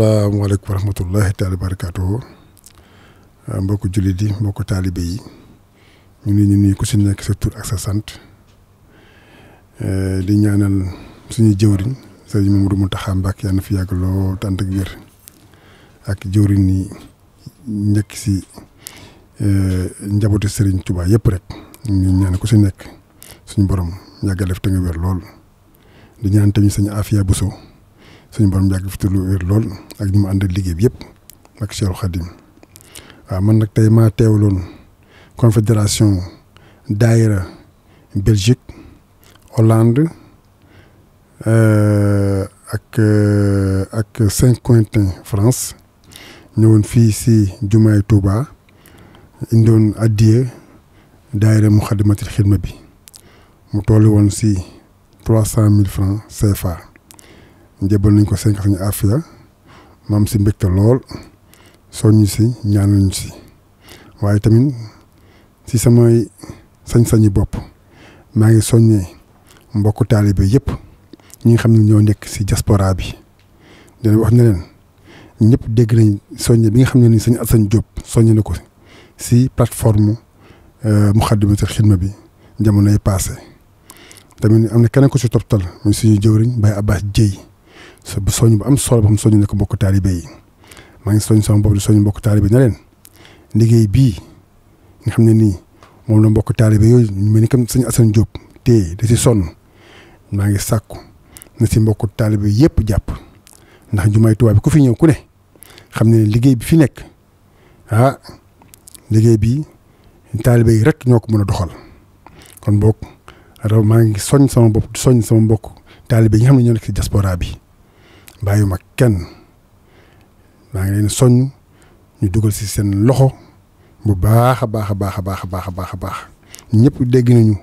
salaamaaleykum wa rahmatullahi taala barakaatu ah, mbokku jullit yi mbokku taalibe yi ñu ngi ñu nuyu ku si nekk sa tur ak sa sant eh, di ñaanal suñu jëwriñ sëriñ Mamadou Mountakha Mbacké yàlla na fi yàgg lool tànt ak wér ak jëwriñ yi nekk si eh, njabootu sëriñ Touba yëpp rek ñu ñaan ku si nekk suñu borom yàggal def te nga wér lool di ñaan tamit sañ Afia Bousso. suñu borom yàgg fi te lu wér lool ak ñu mu ànd liggéey bi yëpp ak Cheikh Khadim waaw man nag tey maa teewloon confédération daayira Belgique Hollande euh, ak euh, ak France ñëwoon fii si jumaay Touba indoon addiye daayira Muxaddamatul Xidma bi mu tolli woon si trois cent mille francs CFA. njëbal nañ ko sëñ suñu afiya maam si mbégte lool soññ si ñaan ñu si waaye tamit si samay sañ-sañi bopp maa ngi soññee mbokku taalibe yëpp ñi ngi xam ne ñoo nekk si diaspora bi dina wax ne leen ñëpp dégg nañ soññe bi nga xam ne ni sëñ sañ Diop soññe na ko si plateforme euh, Moukhaddamatoul Khidma bi jamonoy passé tamit am na keneen ko si toptal muy suñu jëwriñ Baye Abbas Dieye soññ bu am solo ba mu ne ko mbokk taalibe yi maa ngi soññ sama bopp di soññ mbokk taalibe ne leen liggéey bii xam ne nii moom la mbokk taalibe yooyu ñu ni comme sëñ Assane Diop te da si sonn maa ngi sàkku na si mbokk taalibe yëpp jàpp ndax jumaay Tuubaa bi fi ñëw ku ne xam ne liggéey bi fi nekk ah liggéey bi taalibe yi rek ñoo ko mën a doxal kon boog maa ngi soññ sama bopp di soññ sama mbokk taalibe yi nga xam ne ñoo nekk si diaspora bi bàyyiwuma kenn maa ngi leen soññ ñu dugal si seen loxo bu baax a baax a baax a baax a baax a baax a baax ñëpp dégg nañu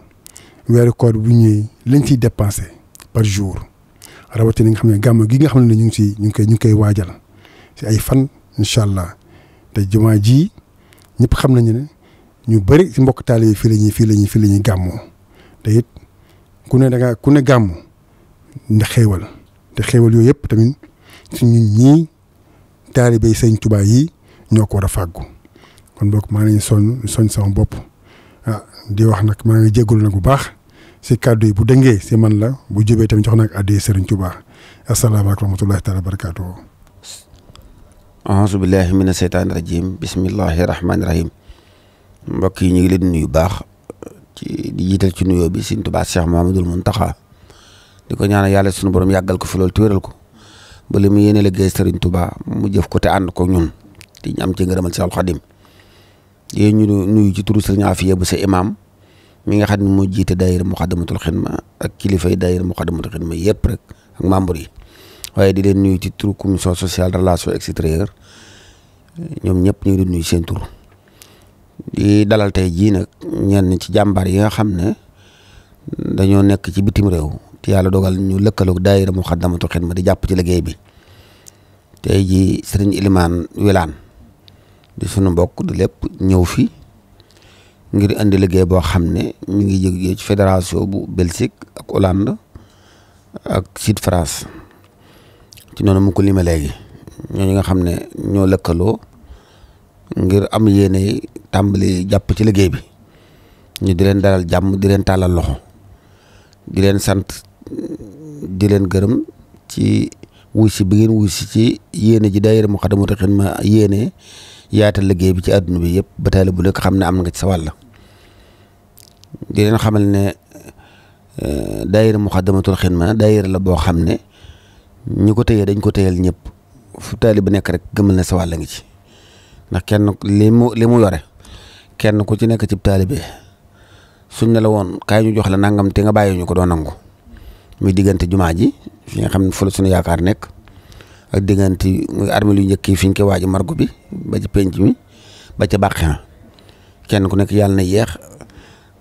weeru koor bu ñëwee lañ ciy dépensé par jour rawatina nga xam ne gàmm gi nga xam ne ñu ngi si ñu ngi koy ngi koy waajal si ay fan incha allah te jumaa ji ñëpp xam nañu ne ñu bëri si mbokk taal yi fii la ñuy fii la ñuy fii la ñuy gàmmoo te it ku ne ku ne gàmm ndax te xéewal yooyu yëpp tamit su ñun ñii taalibey sëñ Tuubaa yi ñoo ko war a fàggu kon boog maa ngi soñ soñ sama bopp ah di wax nag maa ngi jégalu nag bu baax si kàddu yi bu dëngee si man la bu jubee tamit jox nag àddee sëriñ Tuubaa asalaamaaleykum wa rahmatullahi taala barakaatu aouzu billahi mina seytaani rajim bismillahi rahmaani rahim mbokk yi ñu ngi leen nuyu baax ci di jiital ci nuyoo bi sëriñ Tuubaa Cheikh Mamadul Muntaxa di ko ñaanal yàlla suñu borom yàggal ko fi loolu te ko ba li mu yéene liggéey Serigne Touba mu jëf ko te ànd ko ñun di ñu am ci ngërëmal Seexul Xadim yéen ñu nuyu ci turu Serigne Afia bu sa imam mi nga xam ne moo jiite daayira Muxaddamatul Xidma ak kilifay daayira Muxaddamatul Xidma yëpp rek ak membre yi waaye di leen nuyu ci turu commission sociale relation extérieure ñoom ñëpp ñu ngi nuyu seen tur di dalal tey jii nag ñenn ci jàmbaar yi nga xam ne dañoo nekk ci bitim réew te yàlla dogal ñu lëkkaloog daayira Muxaddamatul Xidma di jàpp ci liggéey bi tey ji sëriñ Ilimaan Wilaan di sunu mbokk di lépp ñëw fi ngir indi liggéey boo xam ne ñu ngi jógee ci fédération bu Belgique ak ak Sud ci noonu mu lima léegi ñooñu nga xam ne ñoo lëkkaloo ngir am yéene tàmbali jàpp ci liggéey bi ñu di leen dalal jàmm di leen tàllal loxo di sant di leen gërëm ci wuy si bi ngeen wuy si ci yéene ji daayira Moukhaddamatoul yéene yaatal liggéey bi ci àdduna bi yëpp ba taali bu nekk xam ne am nga ci sa wàll di leen xamal ne eh, daayira Moukhaddamatoul Khidma daayira la boo xam ne ñi ko téye dañ ko téyal ñëpp fu taali bu nekk rek gëmal na sa wàll ngi ci ndax kenn li mu li mu yore kenn ku ci nekk cib taalibe suñ ne la woon kaay ñu jox la nangam te nga bàyyi ñu ko doo nangu muy diggante jumaa ji fi nga xam ne fa la yaakaar nekk ak diggante muy armée lu njëkk yi fi ñu koy waaj margo bi ba ci penc mi ba ca Bàqin kenn ku nekk yàlla na yeex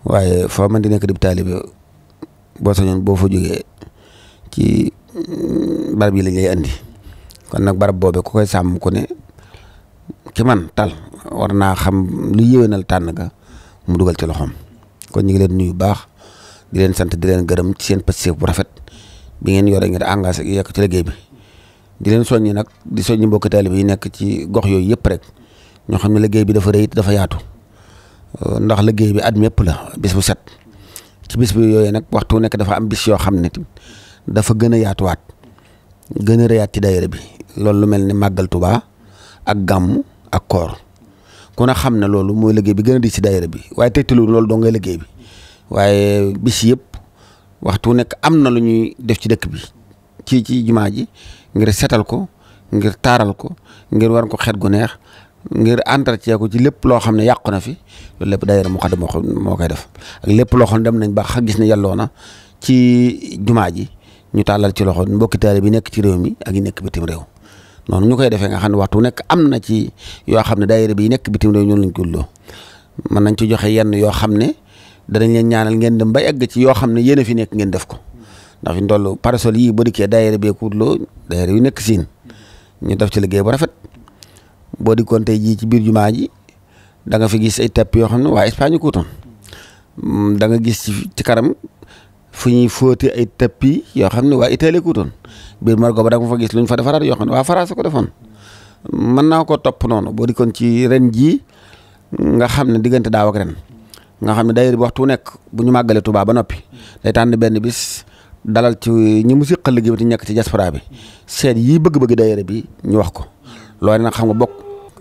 waaye foo man di nekk dib taalibe boo sañoon boo fa jógee ci mm, barab yi lañ lay andi kon nag barab boobe ko koy sàmm ku ne ki man tal war naa xam lu yéwénal tànn ga mu dugal ci loxoom kon ñu nuyu baax di leen sant di leen gërëm ci seen passif bu rafet bi ngeen yore ngir engagé yekk ci liggéey bi di leen soññi nag di soññi mbokki taalibe yi nekk ci gox yooyu yëpp rek ñoo xam ne liggéey bi dafa rëy dafa yaatu ndax liggéey bi at mépp la bis bu set ci bis yooyu nag waxtu nekk dafa am bis yoo xam ne dafa gën a yaatuwaat gën a rëyaat ci daayira bi loolu lu mel ni màggal Tuubaa ak gàmm ak koor ku ne xam ne loolu mooy liggéey bi gën a di ci daayira bi waaye tegtalu loolu doo ngay liggéey bi waaye bis yëpp waxtu nekk am na lu ñuy def ci dëkk bi ci ci jumaa ji ngir setal ko ngir taaral ko ngir war ko xet gu neex ngir entretien ko ci lépp loo xam ne yàqu na fi loolu lépp daayira Muxaddam moo koy def ak lépp loo xam ne dem nañ ba gis ne yàlloo na ci jumaa ji ñu tàllal ci loxo mbokki taalibe bi nekk ci réew mi ak yi nekk bitim réew noonu ñu koy defee nga xam ne waxtu nekk am na ci yoo xam ne daayira bi nekk bitim réew ñoom lañ ko mën nañ ci joxe yenn yoo xam ne danañ leen ñaanal ngeen dem ba egg ci yoo xam ne yéen a fi nekk ngeen def ko ndax fi ñu toll parasol yii ba dikkee daayira bee kuutloo daayira yu nekk siin ñu def ci liggéey bu rafet boo dikkoon tey jii ci biir jumaa ji da nga fi gis ay tepp yoo xam ne waa Espagne kuutoon mm, da nga gis ci kanam fu ñuy fóoti ay tepp yoo xam ne waa Italie kuutoon biir margo ba da nga fa gis lu ñu fa defaraat yoo xam ne waa France ko defoon mën naa ko topp noonu boo dikkoon ci ren jii nga xam ne diggante daaw ak ren nga xam ne daayira bi waxtu nekk bu ñu màggalee Touba ba noppi day tànn benn bis dalal ci ñi mu siqal liggéey bi te nekk ci diaspora bi seet yii bëgg-bëgg daayira bi ñu wax ko loolu nag xam nga bokk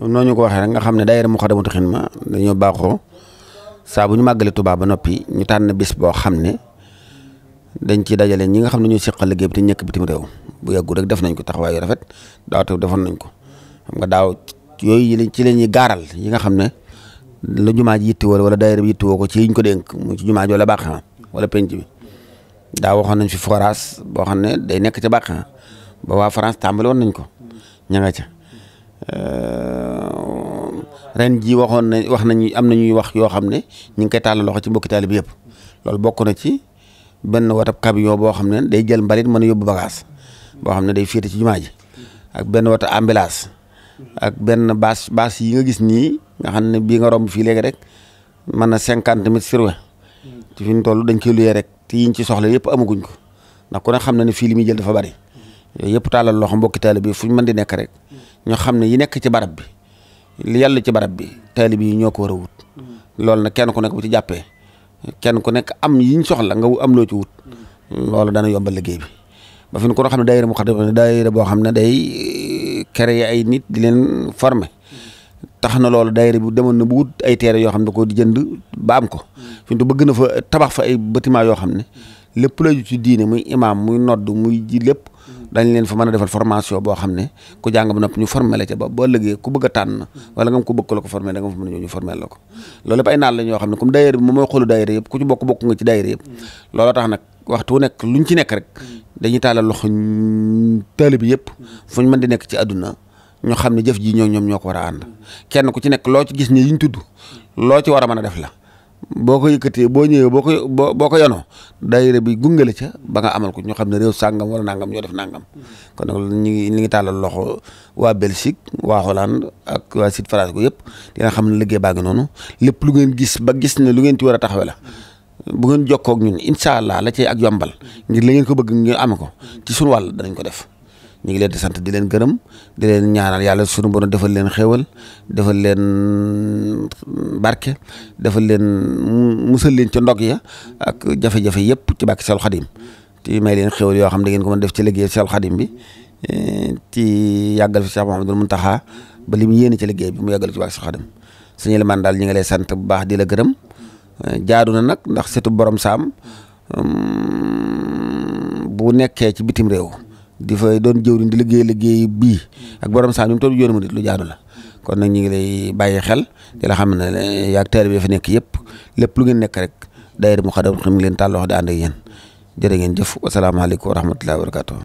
noo ñu ko waxee rek nga xam ne daayira Moukhaddamatoul Khidma dañoo baaxoo saa bu ñu màggalee Touba ba noppi ñu tànn bis boo xam ne dañ ciy dajale ñi nga xam ne ñoo siqal liggéey bi te nekk bitim réew bu yàggu rek def nañ ko taxawaay yu rafet daaw te defoon nañ ko xam nga daaw yooyu ci la ñuy gaaral yi nga xam ne la jumaa ji yitti wala daayira bi yitti ko ci yiñ ko dénk mu ci jumaa la wala bàq wala penc bi daa waxoon nañ fi forage boo xam ne day nekk ca bàq ba waa France tàmbali nañ ko ña nga ca ren ji waxoon na wax nañ am na ñuy wax yoo xam ne ñu ngi koy tàllal loxo ci mbokki taalibe bi yëpp loolu bokk na ci benn watab camion boo xam ne day jël mbalit mën a yóbbu bagage boo xam ne day féete ci jumaa ak benn wata ambilaas ak benn bâche bâche yi nga gis nii nga xam ne bii nga romb fii léegi rek man na cinquante mètres sur vingt ci fi ñu toll dañ koy luyee rek te yiñ ci soxla yëpp amaguñ ko ndax ku ne xam na ne fii li muy jël fa bari yooyu yëpp taalal loxo mbokki taalibe bi fu ñu mën di nekk rek ñu xam ne yi nekk ci barab bi li yàlla ci barab bi taalibe yi ñoo ko loolu nag kenn ku nekk bu ci jàppee kenn ku nekk am yiñ soxla nga am loo ci wut loolu dana yombal liggéey bi ba fi ñu ko xam ne daayira mu xam ne daayira boo xam ne day eh, créer ay nit di leen former tax na loolu daayira bi demoon na bu wut ay teere yoo xam ne ko di jënd ba am ko mm. fi mu bëgg na fa tabax fa ay bâtiment yoo xam ne mm. lépp la ju ci diine muy imaam muy nodd muy ji lépp mm. dañ leen fa mën a defal formation boo xam ne ku jàng ba noppi ñu formé la ca ba boo ëllëgee ku bëgg tànn wala nga am ku bëgg ko formé da nga fa mën a ñëw ñu formé la xam ne comme daayira bi moom mooy xolu daayira bokk bokk nga ci daayira tax nag waxtu wu nekk luñ ci nekk rek dañuy taalal loxo taalibe bi yëpp ñu mën di nekk ci àdduna ñoo xam ne jëf jii ñoo ñoom ñoo ko war a ànd kenn ku ci nekk loo ci gis ni yi ñu tudd loo ci war a mën a def la boo ko yëkkatee boo ñëwee boo ko boo ko yanoo daayira bi gunge la ca ba nga amal ko ñu xam ne réew sàngam wala nangam ñoo def nangam. kon nag ñu ngi ñu ngi tàllal loxo waa Belgique waa Hollande ak waa Sud France ko yëpp dina xam liggéey baa noonu lépp lu ngeen gis ba gis ne lu ngeen ci war a taxawee la. bu ngeen jokkoo ak ñun incha allah la cay ak yombal ngir la ko bëgg ñu am ko ci suñu wàll danañ ko def. ñu ngi leen di sant di leen gërëm di leen ñaanal yàlla sunu borom defal leen xéewal defal leen barke defal leen musal leen ca ndog ya ak jafe-jafe yëpp ci bàkki sal xadim ci may leen xéewal yoo xam da ngeen ko mën def ci liggéey sal xadim bi e, ci yàggal fi Cheikh mu Mountakha ba li mu yéene ci liggéey bi mu yàggal ci bàkki sal xadim suñu limaan daal ñu ngi lay sant bu baax di la gërëm e, jaadu na nag ndax setu borom saam mm, bu nekkee ci bitim réew di fa doon jëwriñ di liggéey liggéey bii ak borom saa ñu toog yoonu mu nit lu jaadu la kon nag ñu ngi lay bàyyi xel di la xam ne yaag teel bi dafa nekk yëpp lépp lu ngeen nekk rek daayira mu xadam xam ngi leen tàlloo di ànd ak yéen jërë ngeen jëf wasalaamaaleykum wa rahmatullahi wa barakatuh